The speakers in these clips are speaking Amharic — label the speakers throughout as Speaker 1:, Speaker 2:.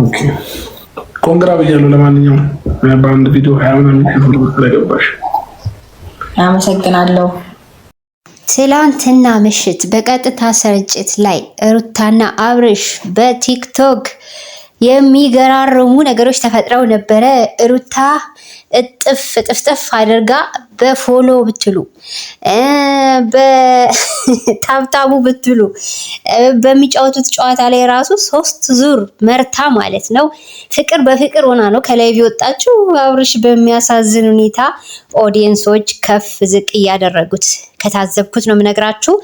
Speaker 1: ኦኬ ኮንግራ ብያለሁ። ለማንኛውም በአንድ ቪዲዮ ሀያ ምናምን ገባሽ።
Speaker 2: አመሰግናለሁ። ትላንትና ምሽት በቀጥታ ስርጭት ላይ ሩታና አብርሽ በቲክቶክ የሚገራርሙ ነገሮች ተፈጥረው ነበረ። ሩታ እጥፍ ጥፍጥፍ አድርጋ በፎሎ ብትሉ፣ በታብታቡ ብትሉ፣ በሚጫወቱት ጨዋታ ላይ ራሱ ሶስት ዙር መርታ ማለት ነው። ፍቅር በፍቅር ሆና ነው ከላይ ቢወጣችው አብርሽ በሚያሳዝን ሁኔታ ኦዲየንሶች ከፍ ዝቅ እያደረጉት ከታዘብኩት ነው የምነግራችሁ።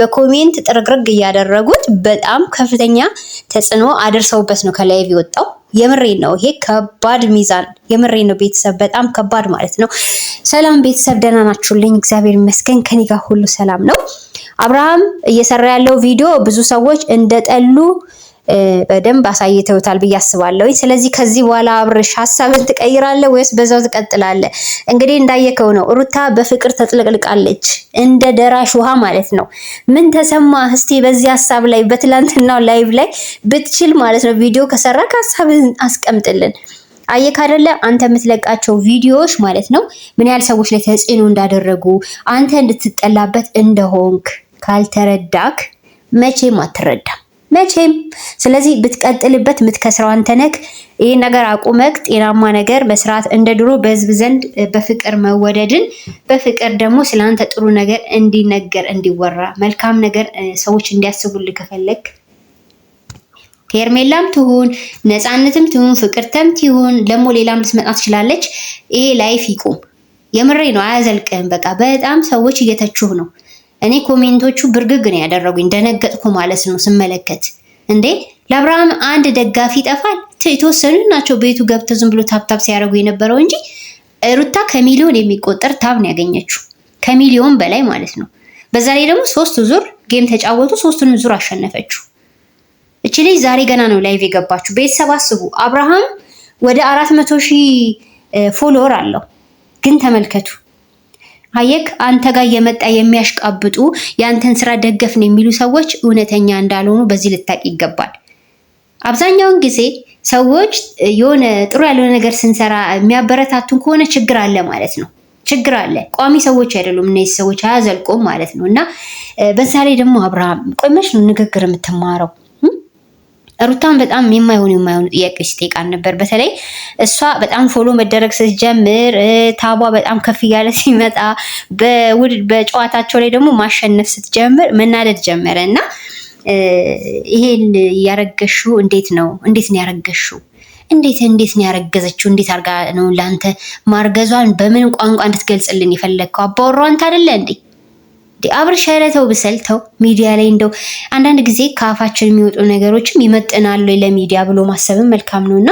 Speaker 2: በኮሜንት ጥርግርግ እያደረጉት በጣም ከፍተኛ ተጽዕኖ አድርሰውበት ነው ከላይ ቢወጣው የምሬ ነው። ይሄ ከባድ ሚዛን የምሬ ነው። ቤተሰብ በጣም ከባድ ማለት ነው። ሰላም ቤተሰብ ደህና ናችሁልኝ? እግዚአብሔር ይመስገን ከኔ ጋር ሁሉ ሰላም ነው። አብርሃም እየሰራ ያለው ቪዲዮ ብዙ ሰዎች እንደጠሉ በደንብ አሳይተውታል ብዬ አስባለሁ። ስለዚህ ከዚህ በኋላ አብርሽ ሀሳብን ትቀይራለህ ወይስ በዛው ትቀጥላለህ? እንግዲህ እንዳየከው ነው ሩታ በፍቅር ተጥለቅልቃለች፣ እንደ ደራሽ ውሃ ማለት ነው። ምን ተሰማ እስቲ በዚህ ሀሳብ ላይ በትላንትናው ላይቭ ላይ ብትችል ማለት ነው ቪዲዮ ከሰራ ሀሳብን አስቀምጥልን። አየክ ካደለ አንተ የምትለቃቸው ቪዲዮዎች ማለት ነው ምን ያህል ሰዎች ላይ ተጽዕኖ እንዳደረጉ አንተ እንድትጠላበት እንደሆንክ ካልተረዳክ መቼም አትረዳም። መቼም። ስለዚህ ብትቀጥልበት የምትከስረው አንተ ነህ። ይህን ነገር አቁመክ ጤናማ ነገር መስራት እንደ ድሮ በህዝብ ዘንድ በፍቅር መወደድን፣ በፍቅር ደግሞ ስለአንተ ጥሩ ነገር እንዲነገር እንዲወራ፣ መልካም ነገር ሰዎች እንዲያስቡልህ ከፈለግ ሄርሜላም ትሁን ነፃነትም ትሁን ፍቅርተም ትሁን ደግሞ ሌላም ልትመጣ ትችላለች። ይሄ ላይፍ ይቁም። የምሬ ነው። አያዘልቅህም። በቃ በጣም ሰዎች እየተችሁ ነው። እኔ ኮሜንቶቹ ብርግግ ነው ያደረጉኝ። ደነገጥኩ ማለት ነው ስመለከት። እንዴ ለአብርሃም አንድ ደጋፊ ይጠፋል? የተወሰኑ ናቸው ቤቱ ገብተ ዝም ብሎ ታብታብ ሲያደርጉ የነበረው እንጂ ሩታ ከሚሊዮን የሚቆጠር ታብ ነው ያገኘችው፣ ከሚሊዮን በላይ ማለት ነው። በዛ ላይ ደግሞ ሶስት ዙር ጌም ተጫወቱ፣ ሶስቱንም ዙር አሸነፈችው። እቺ ልጅ ዛሬ ገና ነው ላይቭ የገባችሁ ቤተሰብ አስቡ። አብርሃም ወደ አራት መቶ ሺህ ፎሎወር አለው ግን ተመልከቱ አየክ አንተ ጋር የመጣ የሚያሽቃብጡ የአንተን ስራ ደገፍን የሚሉ ሰዎች እውነተኛ እንዳልሆኑ በዚህ ልታቅ ይገባል። አብዛኛውን ጊዜ ሰዎች የሆነ ጥሩ ያልሆነ ነገር ስንሰራ የሚያበረታቱን ከሆነ ችግር አለ ማለት ነው። ችግር አለ። ቋሚ ሰዎች አይደሉም እነዚህ ሰዎች፣ አያዘልቁም ማለት ነው። እና በዛ ላይ ደግሞ አብርሃም ቆይ መች ነው ንግግር የምትማረው? ሩታን በጣም የማይሆኑ የማይሆኑ ጥያቄ ሲጠይቃል ነበር። በተለይ እሷ በጣም ፎሎ መደረግ ስትጀምር ታቧ በጣም ከፍ እያለ ሲመጣ በጨዋታቸው ላይ ደግሞ ማሸነፍ ስትጀምር መናደድ ጀመረ እና ይሄን ያረገሹ እንዴት ነው እንዴት ነው ያረገሹ እንዴት እንዴት ነው ያረገዘችው? እንዴት አርጋ ነው ላንተ ማርገዟን በምን ቋንቋ እንድትገልጽልን የፈለግከው? አንተ ታደለ እንዴ? አብርሽ ኧረ ተው ብሰልተው ሚዲያ ላይ እንደው አንዳንድ ጊዜ ከአፋችን የሚወጡ ነገሮችም ይመጥናሉ ለሚዲያ ብሎ ማሰብም መልካም ነው እና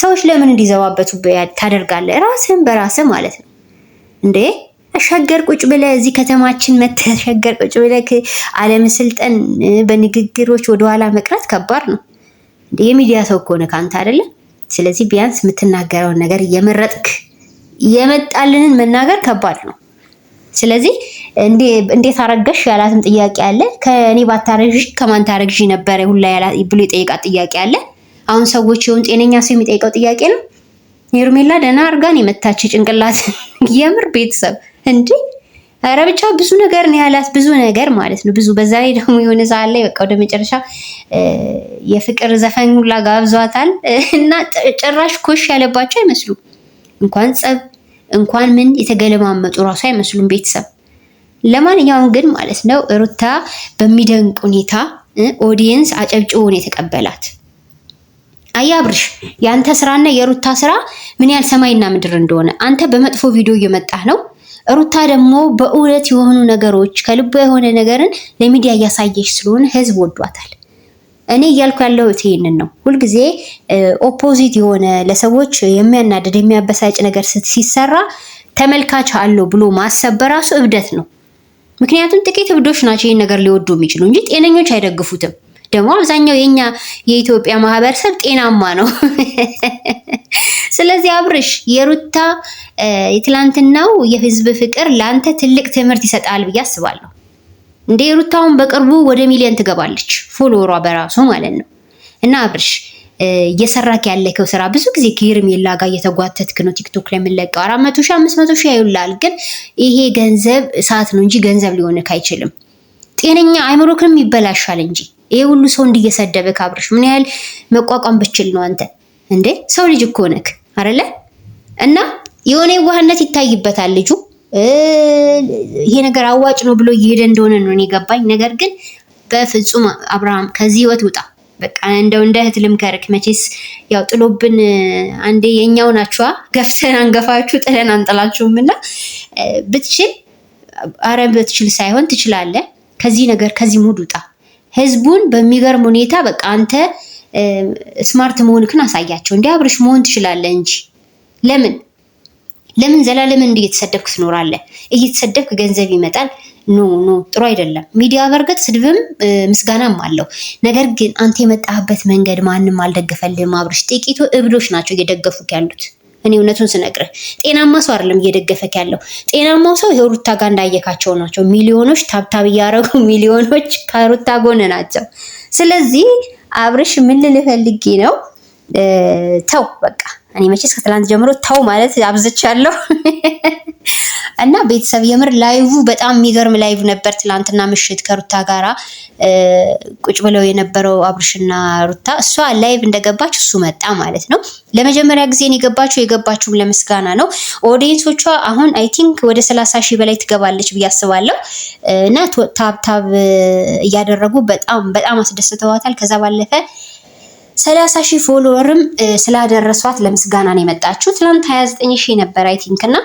Speaker 2: ሰዎች ለምን እንዲዘባበቱ ታደርጋለህ? ራስህን በራስህ ማለት ነው እንዴ። ሸገር ቁጭ ብለህ እዚህ ከተማችን መተህ ሸገር ቁጭ ብለህ አለመስልጠን በንግግሮች ወደኋላ መቅረት ከባድ ነው። የሚዲያ ሰው ከሆነ ከአንተ አይደለም። ስለዚህ ቢያንስ የምትናገረውን ነገር እየመረጥክ የመጣልንን መናገር ከባድ ነው። ስለዚህ እንዴት አረገሽ ያላትም ጥያቄ አለ። ከእኔ ባታረግሽ ከማን ታረግሽ ነበረ ሁላ ብሎ የጠየቃት ጥያቄ አለ። አሁን ሰዎች የሆን ጤነኛ ሰው የሚጠይቀው ጥያቄ ነው። ሄርሜላ ደህና አርጋን የመታች ጭንቅላት የምር ቤተሰብ እንዲ ኧረ ብቻ ብዙ ነገር ነው ያላት፣ ብዙ ነገር ማለት ነው ብዙ። በዛ ላይ ደግሞ የሆነ ሰዓት ላይ በቃ ወደ መጨረሻ የፍቅር ዘፈን ሁላ ጋብዟታል እና ጭራሽ ኮሽ ያለባቸው አይመስሉም እንኳን ጸብ እንኳን ምን የተገለማመጡ ራሱ አይመስሉም ቤተሰብ። ለማንኛውም ግን ማለት ነው ሩታ በሚደንቅ ሁኔታ ኦዲየንስ አጨብጭቦ ነው የተቀበላት። አያብርሽ የአንተ ስራና የሩታ ስራ ምን ያህል ሰማይና ምድር እንደሆነ አንተ በመጥፎ ቪዲዮ እየመጣህ ነው። ሩታ ደግሞ በእውነት የሆኑ ነገሮች ከልቧ የሆነ ነገርን ለሚዲያ እያሳየች ስለሆነ ህዝብ ወዷታል። እኔ እያልኩ ያለሁት ይሄንን ነው። ሁልጊዜ ኦፖዚት የሆነ ለሰዎች የሚያናድድ የሚያበሳጭ ነገር ሲሰራ ተመልካች አለው ብሎ ማሰብ በራሱ እብደት ነው። ምክንያቱም ጥቂት እብዶች ናቸው ይህን ነገር ሊወዱ የሚችሉ እንጂ ጤነኞች አይደግፉትም። ደግሞ አብዛኛው የኛ የኢትዮጵያ ማህበረሰብ ጤናማ ነው። ስለዚህ አብርሽ የሩታ የትላንትናው የህዝብ ፍቅር ለአንተ ትልቅ ትምህርት ይሰጣል ብዬ አስባለሁ። እንደ ሩታውን በቅርቡ ወደ ሚሊዮን ትገባለች፣ ፎሎወሯ በራሱ ማለት ነው። እና አብርሽ እየሰራክ ያለከው ስራ ብዙ ጊዜ ከሄርሜላ ጋር እየተጓተትክ ነው። ቲክቶክ ላይ የምንለቀው አራት መቶ ሺህ አምስት መቶ ሺህ ያዩላል፣ ግን ይሄ ገንዘብ ሰዓት ነው እንጂ ገንዘብ ሊሆንክ አይችልም። ጤነኛ አይምሮክንም ይበላሻል እንጂ ይሄ ሁሉ ሰው እንዲየሰደበ ካብርሽ ምን ያህል መቋቋም ብችል ነው አንተ? እንዴ ሰው ልጅ እኮ ነክ አይደለ? እና የሆነ የዋህነት ይታይበታል ልጁ ይሄ ነገር አዋጭ ነው ብሎ እየሄደ እንደሆነ ነው እኔ ገባኝ። ነገር ግን በፍጹም አብርሃም ከዚህ ህይወት ውጣ። በቃ እንደው እንደ እህት ልምከርክ። መቼስ ያው ጥሎብን አንዴ የኛው ናችኋ፣ ገፍተን አንገፋችሁ፣ ጥለን አንጥላችሁም እና ብትችል አረ ብትችል ሳይሆን ትችላለህ። ከዚህ ነገር ከዚህ ሙድ ውጣ። ህዝቡን በሚገርም ሁኔታ በቃ አንተ ስማርት መሆንክን አሳያቸው። እንዲህ አብርሽ መሆን ትችላለህ እንጂ ለምን ለምን ዘላለም እንዲህ እየተሰደብክ ትኖራለህ? እየተሰደብክ ገንዘብ ይመጣል። ኖ ኖ ጥሩ አይደለም። ሚዲያ በርግጥ ስድብም ምስጋናም አለው። ነገር ግን አንተ የመጣህበት መንገድ ማንም አልደገፈልህም። አብርሽ ጥቂቱ እብዶች ናቸው እየደገፉክ ያሉት። እኔ እውነቱን ስነግርህ ጤናማ ሰው አይደለም እየደገፈክ ያለው። ጤናማው ሰው የሩታ ሩታ ጋር እንዳየካቸው ናቸው። ሚሊዮኖች ታብታብ እያደረጉ ሚሊዮኖች ከሩታ ጎን ናቸው። ስለዚህ አብርሽ ምን ልልህ ፈልጌ ነው ተው በቃ እኔ መቼስ ከትላንት ጀምሮ ተው ማለት አብዝቻለሁ። እና ቤተሰብ የምር ላይቭ በጣም የሚገርም ላይቭ ነበር። ትላንትና ምሽት ከሩታ ጋራ ቁጭ ብለው የነበረው አብርሽና ሩታ፣ እሷ ላይቭ እንደገባች እሱ መጣ ማለት ነው። ለመጀመሪያ ጊዜ የገባችው የገባችውም ለምስጋና ነው። ኦዲየንሶቿ አሁን አይ ቲንክ ወደ ሰላሳ ሺህ በላይ ትገባለች ብዬ አስባለሁ። እና ታብታብ እያደረጉ በጣም በጣም አስደስተዋታል። ከዛ ባለፈ ሰላሳ ሺህ ፎሎወርም ስላደረሷት ለምስጋና ነው የመጣችው። ትናንት 29 ሺህ ነበር አይ ቲንክ እና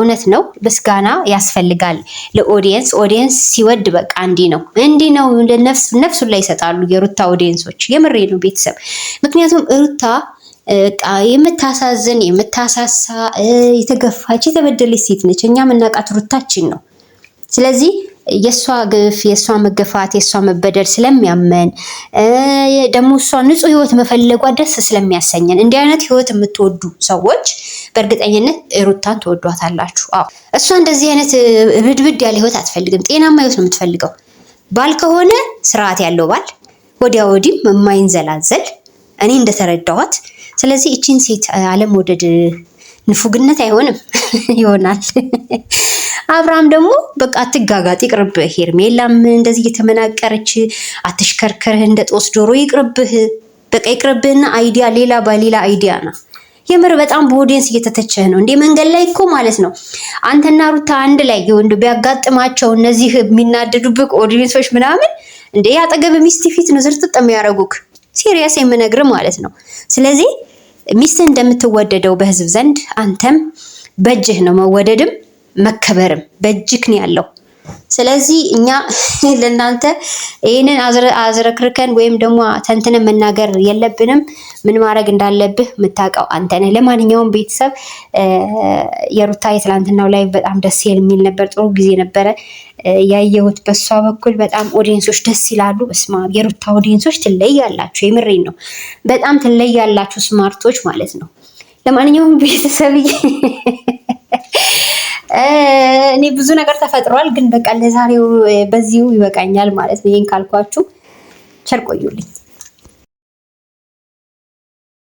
Speaker 2: እውነት ነው ምስጋና ያስፈልጋል ለኦዲየንስ። ኦዲየንስ ሲወድ በቃ እንዲህ ነው እንዲህ ነው ነፍሱን ላይ ይሰጣሉ የሩታ ኦዲየንሶች። የምሬ ነው ቤተሰብ። ምክንያቱም ሩታ የምታሳዝን የምታሳሳ የተገፋች የተበደለች ሴት ነች። እኛ የምናውቃት ሩታችን ነው። ስለዚህ የእሷ ግፍ፣ የእሷ መገፋት፣ የእሷ መበደል ስለሚያመን ደግሞ እሷ ንጹህ ህይወት መፈለጓ ደስ ስለሚያሰኘን እንዲህ አይነት ህይወት የምትወዱ ሰዎች በእርግጠኝነት ሩታን ትወዷታላችሁ። አዎ እሷ እንደዚህ አይነት ብድብድ ያለ ህይወት አትፈልግም። ጤናማ ህይወት ነው የምትፈልገው። ባል ከሆነ ስርዓት ያለው ባል፣ ወዲያ ወዲም የማይንዘላዘል እኔ እንደተረዳኋት። ስለዚህ እቺን ሴት አለመውደድ ንፉግነት አይሆንም ይሆናል አብርሃም ደግሞ በቃ አትጋጋጥ፣ ይቅርብህ፣ ሄርሜላም እንደዚህ እየተመናቀረች አትሽከርከርህ፣ እንደ ጦስ ዶሮ ይቅርብህ፣ በቃ ይቅርብህና አይዲያ ሌላ በሌላ አይዲያ ነው። የምር በጣም በኦዲየንስ እየተተቸህ ነው እንዴ? መንገድ ላይ እኮ ማለት ነው አንተና ሩታ አንድ ላይ ወንዶ ቢያጋጥማቸው እነዚህ የሚናደዱብህ ኦዲየንሶች ምናምን እንዴ ያጠገብ ሚስት ፊት ነው ዝርጥጥ የሚያደርጉህ። ሲሪየስ የምነግር ማለት ነው። ስለዚህ ሚስት እንደምትወደደው በህዝብ ዘንድ አንተም በእጅህ ነው መወደድም መከበርም በእጅክ ነው ያለው። ስለዚህ እኛ ለእናንተ ይህንን አዝረክርከን ወይም ደግሞ ተንትነን መናገር የለብንም። ምን ማድረግ እንዳለብህ የምታውቀው አንተ ነህ። ለማንኛውም ቤተሰብ የሩታ የትላንትናው ላይ በጣም ደስ የሚል ነበር። ጥሩ ጊዜ ነበረ ያየሁት በእሷ በኩል በጣም ኦዲየንሶች ደስ ይላሉ። በስማ የሩታ ኦዲየንሶች ትለያላችሁ። የምሬን ነው። በጣም ትለያላችሁ፣ ስማርቶች ማለት ነው። ለማንኛውም ቤተሰብዬ እኔ ብዙ ነገር ተፈጥሯል፣ ግን በቃ ለዛሬው በዚሁ ይበቃኛል ማለት ነው። ይህን ካልኳችሁ ቸር ቆዩልኝ።